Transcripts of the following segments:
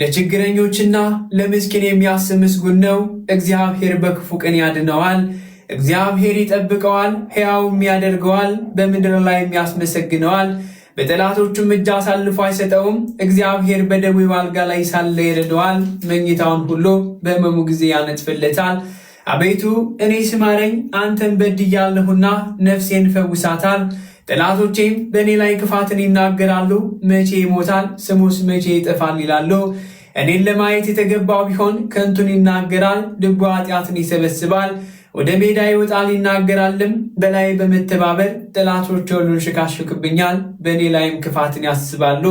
ለችግረኞችና ለምስኪን የሚያስብ ምስጉን ነው። እግዚአብሔር በክፉ ቀን ያድነዋል። እግዚአብሔር ይጠብቀዋል፣ ሕያውም ያደርገዋል፣ በምድር ላይ የሚያስመሰግነዋል። በጠላቶቹም እጅ አሳልፎ አይሰጠውም። እግዚአብሔር በደዌው አልጋ ላይ ሳለ ይረደዋል መኝታውን ሁሉ በሕመሙ ጊዜ ያነጥፍለታል። አቤቱ እኔ ስማረኝ፣ አንተን በድያለሁና ነፍሴን ፈውሳታል። ጠላቶቼም በእኔ ላይ ክፋትን ይናገራሉ። መቼ ይሞታል ስሙስ መቼ ይጠፋል ይላሉ። እኔን ለማየት የተገባው ቢሆን ከንቱን ይናገራል፣ ልቡ ኃጢአትን ይሰበስባል። ወደ ሜዳ ይወጣል ይናገራልም። በላይ በመተባበር ጠላቶች ሁሉ ሽካሽቅብኛል፣ በእኔ ላይም ክፋትን ያስባሉ።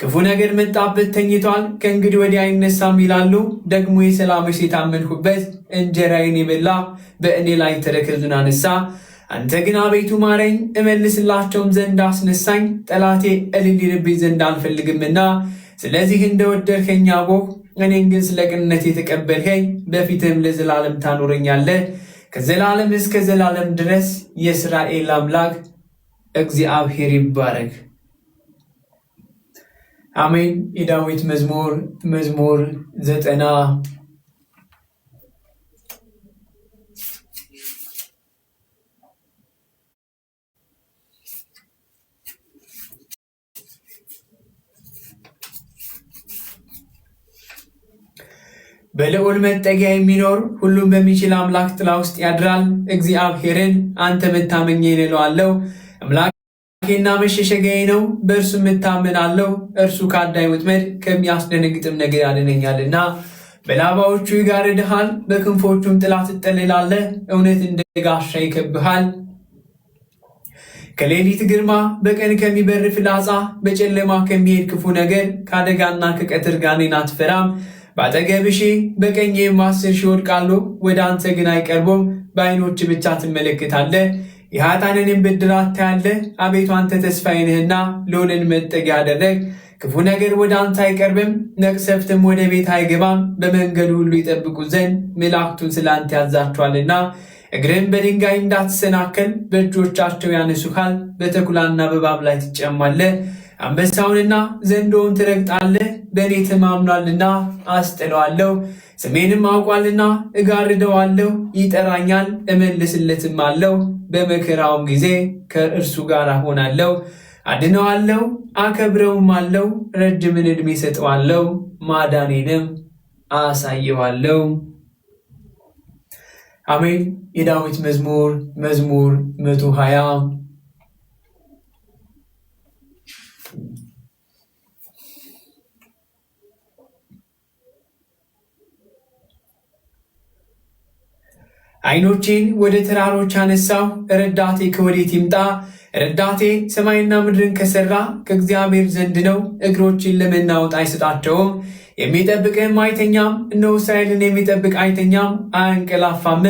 ክፉ ነገር መጣበት ተኝቷል፣ ከእንግዲህ ወዲህ አይነሳም ይላሉ። ደግሞ የሰላምሽ የታመንሁበት እንጀራዬን የበላ በእኔ ላይ ተረከዙን አነሳ። አንተ ግን አቤቱ ማረኝ፣ እመልስላቸውም ዘንድ አስነሳኝ። ጠላቴ እልል ይልብኝ ዘንድ አልፈልግምና ስለዚህ እንደወደድከኝ አቦ እኔን ግን ስለ ቅንነት የተቀበልከኝ በፊትህም ለዘላለም ታኖረኛለህ። ከዘላለም እስከ ዘላለም ድረስ የእስራኤል አምላክ እግዚአብሔር ይባረክ። አሜን። የዳዊት መዝሙር መዝሙር ዘጠና በልዑል መጠጊያ የሚኖር ሁሉም በሚችል አምላክ ጥላ ውስጥ ያድራል። እግዚአብሔርን አንተ መታመኛ ይንለዋለው። አምላኬና መሸሸጊያዬ ነው፣ በእርሱ አለው እርሱ ከአዳኝ ወጥመድ ከሚያስደነግጥም ነገር ያድነኛልና። በላባዎቹ ይጋርድሃል፣ በክንፎቹም ጥላ ትጠልላለህ። እውነት እንደ ጋሻ ይከብሃል። ከሌሊት ግርማ በቀን ከሚበር ፍላጻ፣ በጨለማ ከሚሄድ ክፉ ነገር፣ ከአደጋና ከቀትር ጋኔን አትፈራም። በአጠገብሽ በቀኝ አስር ሺህ ይወድቃሉ፣ ወደ አንተ ግን አይቀርቡም። በዓይኖች ብቻ ትመለከታለህ፣ የኃጥአንንም ብድራት ታያለህ። አቤቱ አንተ ተስፋዬ ነህና ልዑልን መጠጊያ አደረግ። ክፉ ነገር ወደ አንተ አይቀርብም፣ መቅሰፍትም ወደ ቤት አይገባም። በመንገዱ ሁሉ ይጠብቁ ዘንድ መላእክቱን ስለ አንተ ያዛቸዋልና እግርን በድንጋይ እንዳትሰናከል በእጆቻቸው ያነሱካል። በተኩላና በእባብ ላይ ትጨማለህ። አንበሳውንና ዘንዶውን ትረግጣለህ። በእኔ ተማምኗልና አስጥለዋለሁ፣ ስሜንም አውቋልና እጋርደዋለሁ። ይጠራኛል፣ እመልስለትም አለው። በመከራውም ጊዜ ከእርሱ ጋር ሆናለሁ፣ አድነዋለሁ፣ አከብረውም አለው። ረጅምን ዕድሜ ሰጠዋለሁ፣ ማዳኔንም አሳየዋለሁ። አሜን። የዳዊት መዝሙር መዝሙር መቶ ዓይኖቼን ወደ ተራሮች አነሳሁ፣ ረዳቴ ከወዴት ይምጣ? ረዳቴ ሰማይና ምድርን ከሠራ ከእግዚአብሔር ዘንድ ነው። እግሮችን ለመናወጥ አይሰጣቸውም። የሚጠብቅህም አይተኛም፣ እነሆ እስራኤልን የሚጠብቅ አይተኛም አያንቀላፋም።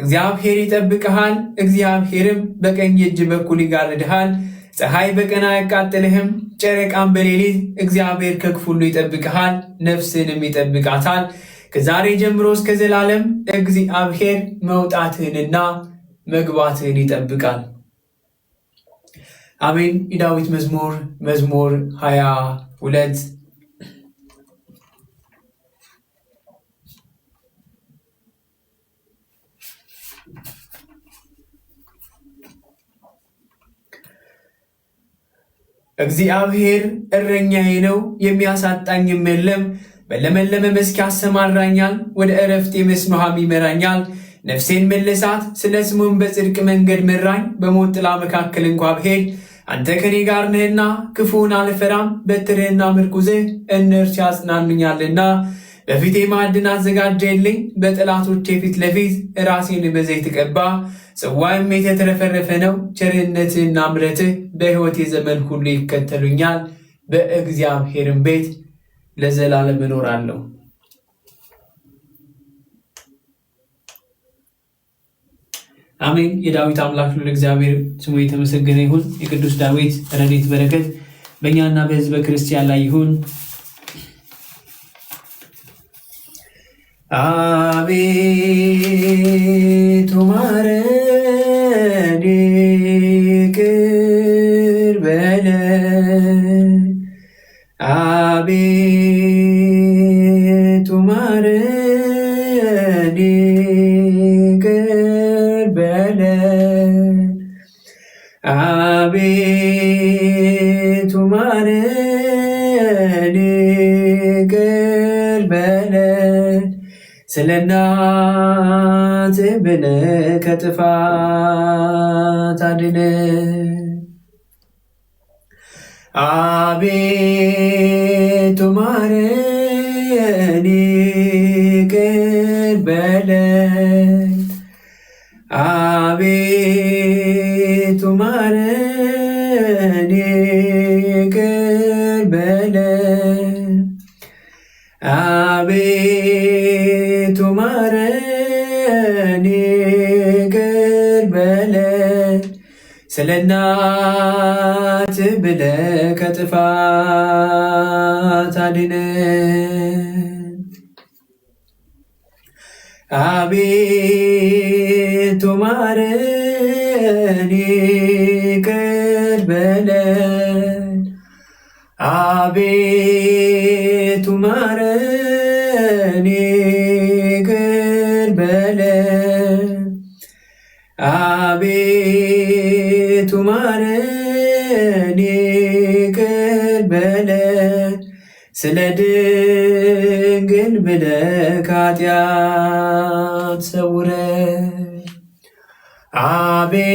እግዚአብሔር ይጠብቅሃል፣ እግዚአብሔርም በቀኝ እጅ በኩል ይጋርድሃል። ፀሐይ በቀን አያቃጥልህም፣ ጨረቃም በሌሊት። እግዚአብሔር ከክፉሉ ይጠብቅሃል፣ ነፍስንም ይጠብቃታል። ከዛሬ ጀምሮ እስከ ዘላለም እግዚአብሔር መውጣትህንና መግባትህን ይጠብቃል። አሜን። የዳዊት መዝሙር መዝሙር ሀያ ሁለት እግዚአብሔር እረኛዬ ነው የሚያሳጣኝም የለም በለመለመ መስክ ያሰማራኛል፣ ወደ ዕረፍቴ መስኖሃም ይመራኛል። ነፍሴን መለሳት፣ ስለ ስሙም በጽድቅ መንገድ መራኝ። በሞት ጥላ መካከል እንኳ ብሄድ አንተ ከኔ ጋር ነህና፣ ክፉን አልፈራም። በትርህና ምርኩዝህ እነርሱ ያጽናኑኛልና። በፊቴ ማዕድን አዘጋጀልኝ፣ በጠላቶቼ ፊት ለፊት ራሴን በዘይት ቀባ። ጽዋይም የተትረፈረፈ ነው። ቸርነትህና ምረትህ በሕይወቴ ዘመን ሁሉ ይከተሉኛል፣ በእግዚአብሔርም ቤት ለዘላለም እኖራለሁ። አሜን። የዳዊት አምላክ ሁሉ እግዚአብሔር ስሙ የተመሰገነ ይሁን። የቅዱስ ዳዊት ረድኤት በረከት በእኛና በሕዝበ ክርስቲያን ላይ ይሁን። አቤቱ ማረን ስለ እናት ብን ከጥፋት አድነ አቤቱ ማረኝ ስለ እናት ብለ ከጥፋት አድነ አቤቱ ማረን ይቅር በለን ስለ ድንግል ብለህ ከኃጢአት ሰውረን። አቤቱ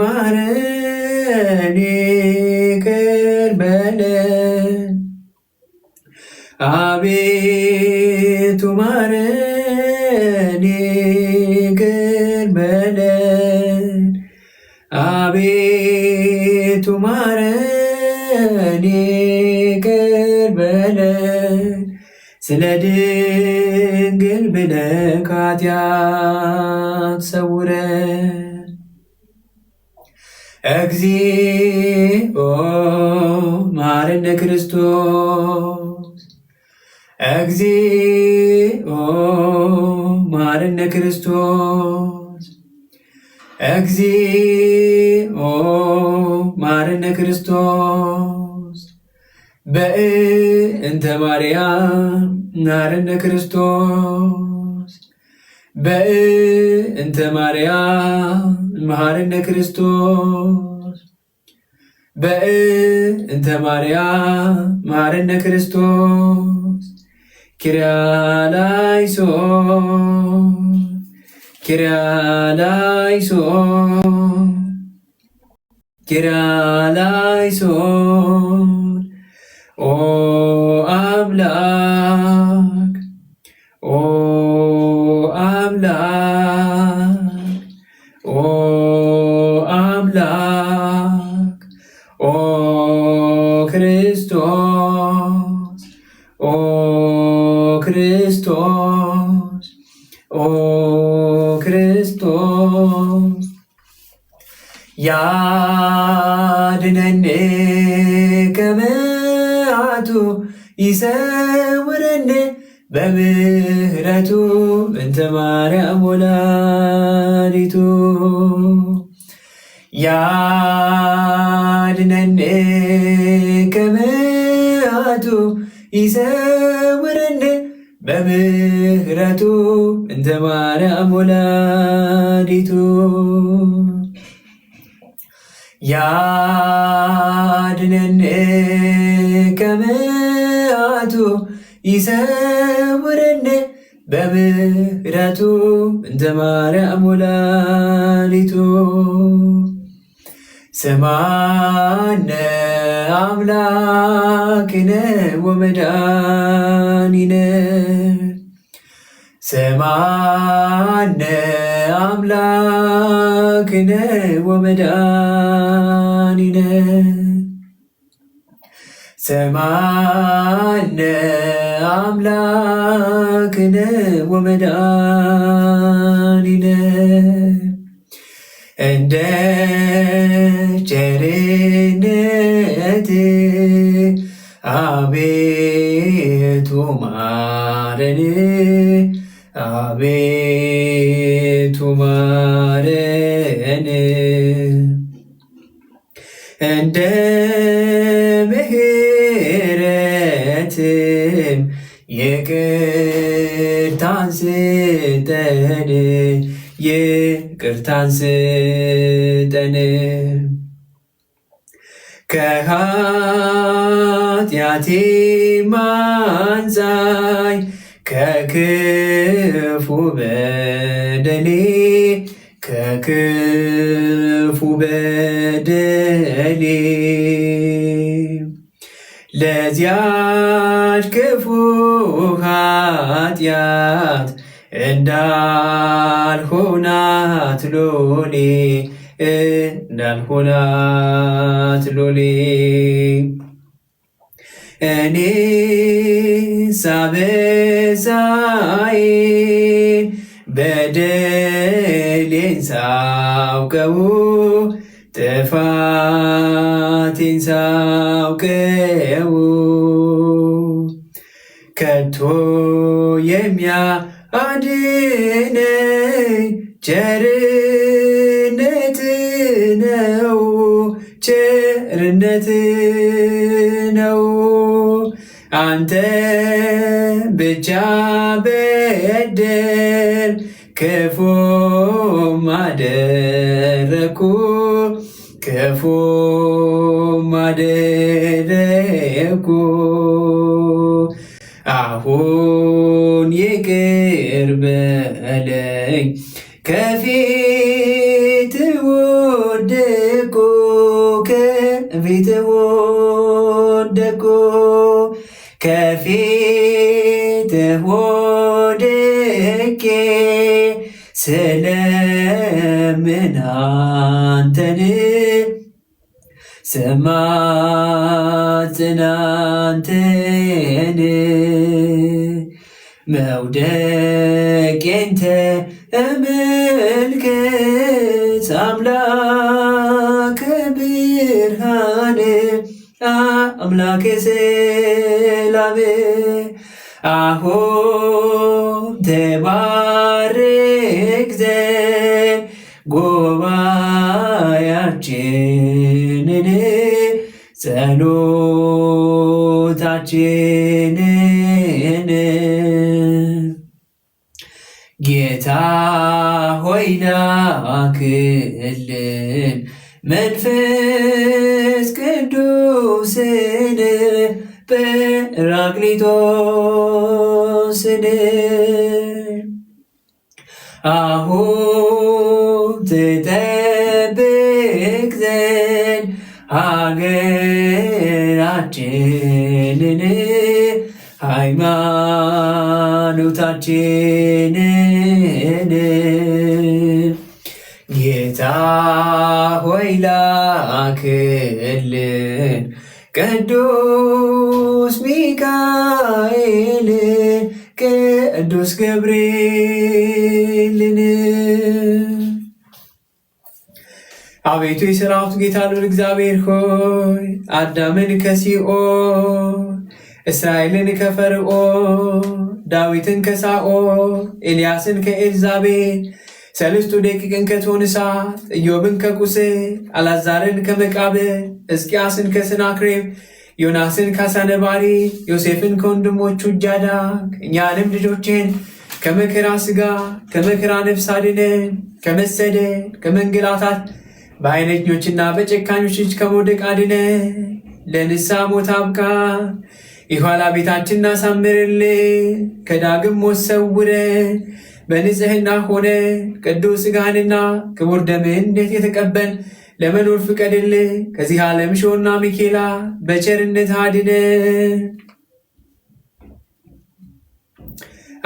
ማረን ስለ ድንግል ብለህ ከኃጢአት ሰውረን። እግዚኦ መሐረነ ክርስቶስ፣ እግዚኦ መሐረነ ክርስቶስ፣ እግዚኦ መሐረነ ክርስቶስ በእንተ ማርያም ናርነ ክርስቶስ በእንተ ማርያም መሐርነ ክርስቶስ በእንተ ማርያም መሐርነ ክርስቶስ ኪርያላይሶን ኪርያላይሶን ኪርያላይሶን ኦ አምላክ ያድነን ከመዓቱ ይሰውረን በምህረቱ እንተ ማርያም ወላዲቱ ያድነን ከመዓቱ ይሰውረን በምሕረቱ እንተ ማርያም ወላዲቱ ያድነን ከመዓቱ ይሰውረን በምሕረቱ እንተ ማርያም ወላዲቱ ሰማዕነ አምላክነ ወመድኃኒነ ሰማዕነ አምላክነ ወመድኃኒነ ሰማዕነ እንደ ቸርነት አቤቱ ማረን አቤ አቤቱ ማረን እንደ ምሕረትም ይቅርታን ስጠን ይቅርታን ስጠን ከኃጢአቴ ማንጻኝ ከክፉ በ በደሌ ከክፉ በደሌ ለዚያች ክፉ ኃጢአት እንዳልሆናት ሎሌ እንዳልሆናት ሎሌ እኔ ሳበዛዬ በደሌን ሳውቀው ጥፋቴን ሳውቀው ከቶ የሚያድነኝ ቸር አንተ ብቻ በደል ክፉ ማደረኩ ክፉ ማደረኩ አሁን ይቅር በለኝ ከፊ አንተን ሰማትን አንተን መውደቄን ተመልከት አምላከ ብርሃን አምላከ ሰላም አሁን ተባረ ኪዳናችንን ጸሎታችንን ጌታ ሆይ ላክልን መንፈስ ቅዱስን ጰራቅሊጦስን አሁን ሀገራችንን ሃይማኖታችንን ጌታ ሆይ ላክልን ቅዱስ ሚካኤል ቅዱስ ገብርኤል አቤቱ የሰራዊት ጌታ ልዑል እግዚአብሔር ሆይ አዳምን ከሲኦል እስራኤልን ከፈርዖን ዳዊትን ከሳኦል ኤልያስን ከኤልዛቤል ሰልስቱ ደቂቅን ከእቶነ እሳት ኢዮብን ከቁስል አልዓዛርን ከመቃብር ሕዝቅያስን ከሰናክሬም ዮናስን ካሳነባሪ ዮሴፍን ከወንድሞቹ እጅ አዳንክ። እኛንም ልጆችን ከመከራ ስጋ ከመከራ ነፍስ አድነን፣ ከመሰደድ ከመንገላታት በኃይለኞችና በጨካኞች እጅ ከመውደቅ አድነ፣ ለንሳ ሞት አብቃ፣ የኋላ ቤታችንን አሳምርል፣ ከዳግም ሞት ሰውረ፣ በንጽህና ሆነ ቅዱስ ሥጋህንና ክቡር ደምህን እንዴት የተቀበል ለመኖር ፍቀድል። ከዚህ ዓለም ሾና ሚኬላ በቸርነት አድነ።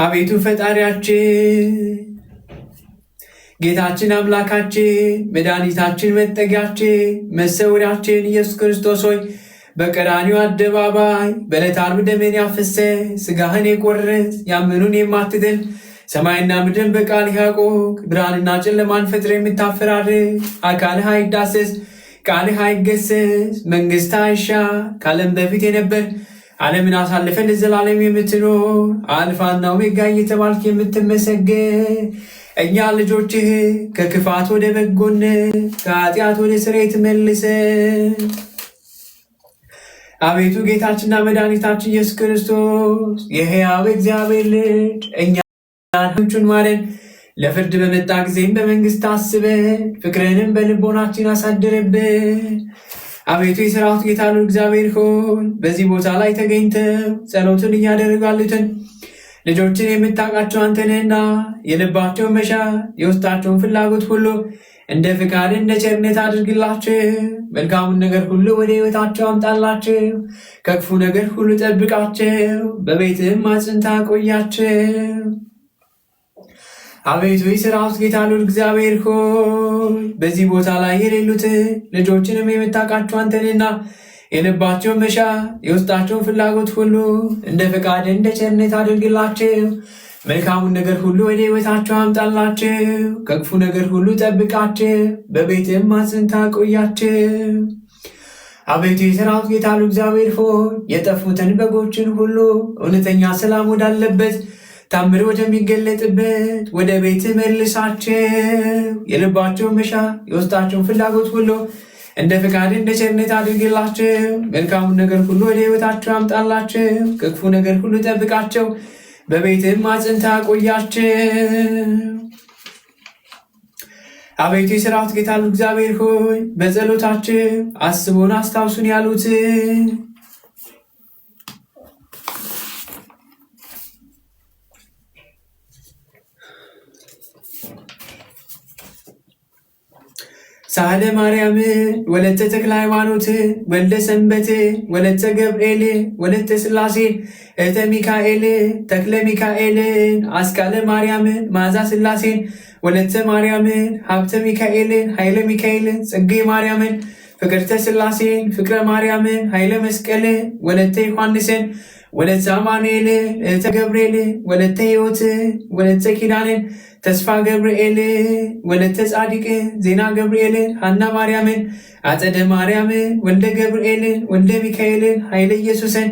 አቤቱ ፈጣሪያችን ጌታችን አምላካችን መድኃኒታችን መጠጊያችን መሰውሪያችን ኢየሱስ ክርስቶስ ሆይ በቀራኒው አደባባይ በዕለተ ዓርብ ደምህን ያፈሰ ስጋህን የቆረስ ያመኑን የማትጥል ሰማይና ምድርን በቃል ያቆቅ ብርሃንና ጨለማን ፈጥረ የምታፈራር አካልህ አይዳሰስ ቃልህ አይገሰስ መንግስት አይሻ ከዓለም በፊት የነበር ዓለምን አሳልፈን ለዘላለም የምትኖር አልፋና ኦሜጋ እየተባልክ የምትመሰገን እኛ ልጆችህ ከክፋት ወደ በጎነ ከኃጢአት ወደ ስሬት መልሰ። አቤቱ ጌታችንና መድኃኒታችን ኢየሱስ ክርስቶስ የሕያው እግዚአብሔር ልጅ እኛችን ማረን። ለፍርድ በመጣ ጊዜም በመንግስት አስበን፣ ፍቅርንም በልቦናችን አሳድርብን። አቤቱ የሰራዊት ጌታ እግዚአብሔር ሆይ በዚህ ቦታ ላይ ተገኝተው ጸሎትን እያደረጋሉትን ልጆችን የምታውቃቸው አንተ ነህና የልባቸውን መሻት የውስጣቸውን ፍላጎት ሁሉ እንደ ፍቃድ እንደ ቸርነት አድርግላቸው። መልካሙን ነገር ሁሉ ወደ ህይወታቸው አምጣላቸው። ከክፉ ነገር ሁሉ ጠብቃቸው። በቤትህም አጽንታ ቆያቸው። አቤቱ የሠራዊት ጌታ ልዑል እግዚአብሔር ሆይ በዚህ ቦታ ላይ የሌሉት ልጆችንም የምታውቃቸው አንተ ነህና የልባቸውን መሻ የውስጣቸውን ፍላጎት ሁሉ እንደ ፈቃድ እንደ ቸርነት አድርግላቸው። መልካሙን ነገር ሁሉ ወደ ሕይወታቸው አምጣላቸው። ከክፉ ነገር ሁሉ ጠብቃቸው፣ በቤትም አጽንታ ቆያቸው። አቤቱ የሰራዊት ጌታ እግዚአብሔር ሆይ የጠፉትን በጎችን ሁሉ እውነተኛ ሰላም ወዳለበት ታምር ወደሚገለጥበት ወደ ቤት መልሳቸው። የልባቸውን መሻ የውስጣቸውን ፍላጎት ሁሉ እንደ ፈቃድ እንደ ቸርነት አድርግላችሁ። መልካሙን ነገር ሁሉ ወደ ህይወታቸው አምጣላቸው። ከክፉ ነገር ሁሉ ጠብቃቸው፣ በቤትም አጽንታ ቆያችሁ። አቤቱ የሰራዊት ጌታ እግዚአብሔር ሆይ በጸሎታችን አስቦን አስታውሱን ያሉትን ሳህለ ማርያም ወለተ ተክለ ሃይማኖት ወልደ ሰንበት ወለተ ገብርኤል ወለተ ስላሴ እተ ሚካኤል ተክለ ሚካኤል አስካለ ማርያምን ማዛ ስላሴን ወለተ ማርያምን ሀብተ ሚካኤል ኃይለ ሚካኤል ጽጌ ማርያምን ፍቅርተ ስላሴን ፍቅረ ማርያምን ኃይለ መስቀል ወለተ ዮሐንስን ወለተ አማኑኤል እተ ገብርኤል ወለተ ሕይወት ወለተ ኪዳንን ተስፋ ገብርኤል ወለተ ጻድቅ ዜና ገብርኤል ሐና ማርያምን አጸደ ማርያም ወልደ ገብርኤል ወልደ ሚካኤልን ኃይለ ኢየሱስን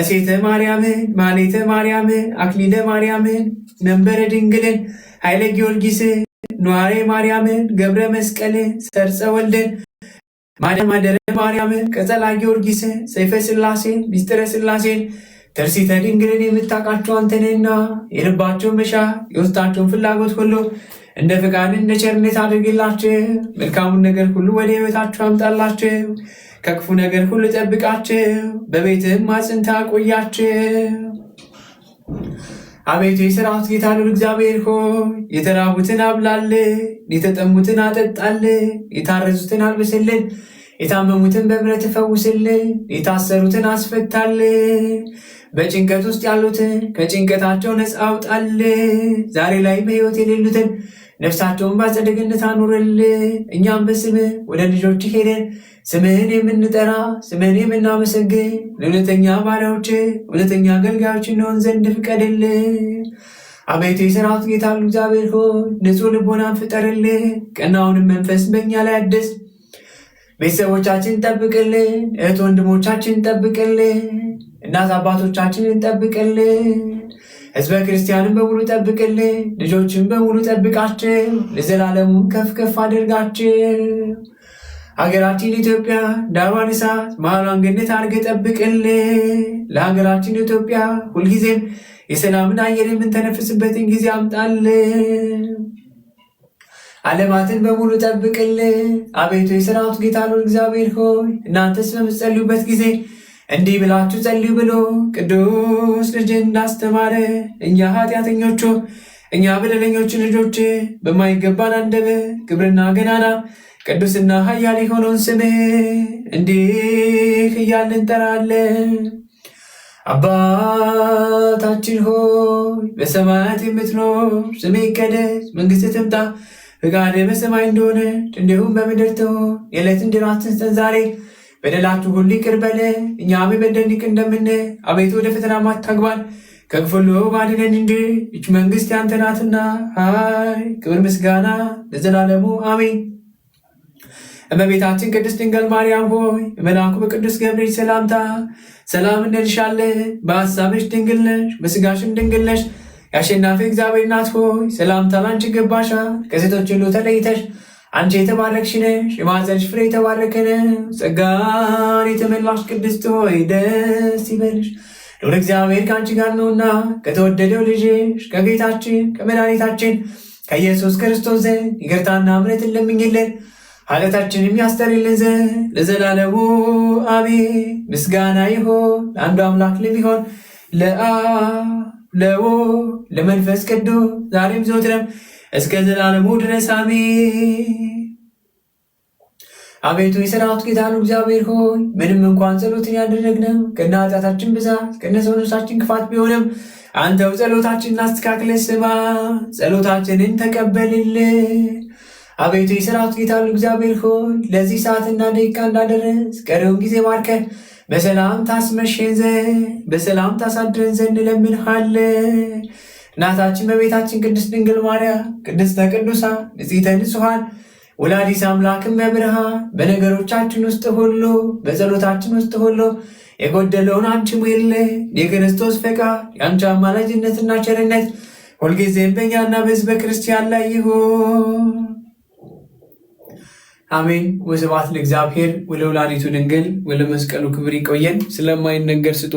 እሴተ ማርያም ማሌተ ማርያም አክሊለ ማርያም መንበረ ድንግልን ኃይለ ጊዮርጊስ ነዋሬ ማርያም ገብረ መስቀል ሰርፀ ወልደን ማደረ ማርያም ቀጸላ ጊዮርጊስ ሰይፈ ስላሴ ሚስጥረ ስላሴን ትርሲተ ድንግልን የምታውቃቸው አንተ ነህና የልባቸውን መሻ የውስጣቸውን ፍላጎት ሁሉ እንደ ፍቃድ እንደ ቸርነት አድርግላቸው። መልካሙን ነገር ሁሉ ወደ ህይወታቸው አምጣላቸው። ከክፉ ነገር ሁሉ ጠብቃቸው። በቤትህም አጽንታ ቆያቸው። አቤቱ የሰራዊት ጌታ ልዑል እግዚአብሔር ሆይ የተራቡትን አብላልን፣ የተጠሙትን አጠጣልን፣ የታረዙትን አልብስልን የታመሙትን በብረት ፈውስልን፣ የታሰሩትን አስፈታልን፣ በጭንቀት ውስጥ ያሉትን ከጭንቀታቸው ነፃ አውጣልን፣ ዛሬ ላይ በሕይወት የሌሉትን ነፍሳቸውን በአጸደ አኑርል አኑርልን። እኛም በስምህ ወደ ልጆች ሄደን ስምህን የምንጠራ ስምህን የምናመሰግን ለእውነተኛ ባሪያዎች እውነተኛ አገልጋዮች እንሆን ዘንድ ፍቀድልን። አቤቱ የሰራዊት ጌታ እግዚአብሔር ሆይ ንጹሕ ልቦናን ፍጠርልን፣ ቀናውንም መንፈስ በእኛ ላይ አደስ ቤተሰቦቻችን ጠብቅልን፣ እህት ወንድሞቻችን ጠብቅልን፣ እናት አባቶቻችንን ጠብቅልን፣ ህዝበ ክርስቲያንን በሙሉ ጠብቅልን፣ ልጆችን በሙሉ ጠብቃችን፣ ለዘላለሙን ከፍ ከፍ አድርጋችን። ሀገራችን ኢትዮጵያ ዳሯን እሳት መሃሏን ገነት አድርገህ ጠብቅልን። ለሀገራችን ኢትዮጵያ ሁልጊዜም የሰላምን አየር የምንተነፍስበትን ጊዜ አምጣልን። ዓለማትን በሙሉ ጠብቅልን አቤቱ የሰራዊት ጌታ ሎል እግዚአብሔር ሆይ እናንተስ በምትጸልዩበት ጊዜ እንዲህ ብላችሁ ጸልዩ ብሎ ቅዱስ ልጅ እንዳስተማረ እኛ ኃጢአተኞቹ እኛ በደለኞቹ ልጆች በማይገባን አንደበ ግብርና ገናና ቅዱስና ኃያል የሆነውን ስም እንዲህ እያልን እንጠራለን። አባታችን ሆይ በሰማያት የምትኖር ስምህ ይቀደስ፣ መንግስት ትምጣ ፈቃድህ በሰማይ እንደሆነ እንዲሁም በምድር ትሁን። የዕለት እንጀራችንን ስጠን ዛሬ። በደላችን ሁሉ ይቅር በለን እኛም የበደሉንን ይቅር እንደምንል። አቤቱ ወደ ፈተና አታግባን ከክፉ ሁሉ አድነን እንጂ ይህች መንግሥት ያንተ ናትና ኃይል፣ ክብር፣ ምስጋና ለዘላለሙ አሜን። እመቤታችን ቅድስት ድንግል ማርያም ሆይ በመልአኩ በቅዱስ ገብርኤል ሰላምታ ሰላም እንልሻለን። በሐሳብሽ ድንግል ነሽ፣ በሥጋሽም ድንግል ነሽ የአሸናፊ እግዚአብሔር እናት ሆይ ሰላምታ ላንቺ ይገባሻል። ከሴቶች ሁሉ ተለይተሽ አንቺ የተባረክሽ ነሽ፣ የማኅፀንሽ ፍሬ የተባረከ ነው። ጸጋን የተመላሽ ቅድስት ሆይ ደስ ይበልሽ፣ ልዑል እግዚአብሔር ከአንቺ ጋር ነውና ከተወደደው ልጅሽ ከጌታችን ከመድኃኒታችን ከኢየሱስ ክርስቶስ ዘንድ ይቅርታና ምሕረት እንለምኝልን ኃጢአታችንን የሚያስተሰርይልን ዘንድ ለዘላለሙ አሜን። ምስጋና ይሆን ለአንዱ አምላክ ለሚሆን ለአ ለወልድ ለመንፈስ ቅዱስ ዛሬም ዘወትረም እስከ ዘላለሙ ድረስ አሜን። አቤቱ የሰራዊት ጌታ እግዚአብሔር ሆይ ምንም እንኳን ጸሎትን ያደረግነው ከነ ኃጢአታችን ብዛት ከነ ሰውነታችን ክፋት ቢሆንም አንተው ጸሎታችንን አስተካክለ ስማ፣ ጸሎታችንን ተቀበልል። አቤቱ የሰራዊት ጌታ እግዚአብሔር ሆይ ለዚህ ሰዓትና ደቂቃ እንዳደረስ ቀሪውን ጊዜ ማርከ በሰላም ታስመሽን ዘንድ በሰላም ታሳድረን ዘንድ እንለምንሃለን። እናታችን በቤታችን ቅድስት ድንግል ማርያም ቅድስተ ቅዱሳን ንጽሕተ ንጹሐን ወላዲተ አምላክም በብርሃን በነገሮቻችን ውስጥ ሁሉ በጸሎታችን ውስጥ ሁሉ የጎደለውን አንቺ ሙይለ የክርስቶስ ፈቃድ የአንቺ አማላጅነትና ቸርነት ሁልጊዜም በእኛና በሕዝበ ክርስቲያን ላይ ይሁን። አሜን። ወስብሐት ለእግዚአብሔር ወለወላዲቱ ድንግል ወለመስቀሉ ክብር። ይቆየን። ስለማይነገር ስጦታ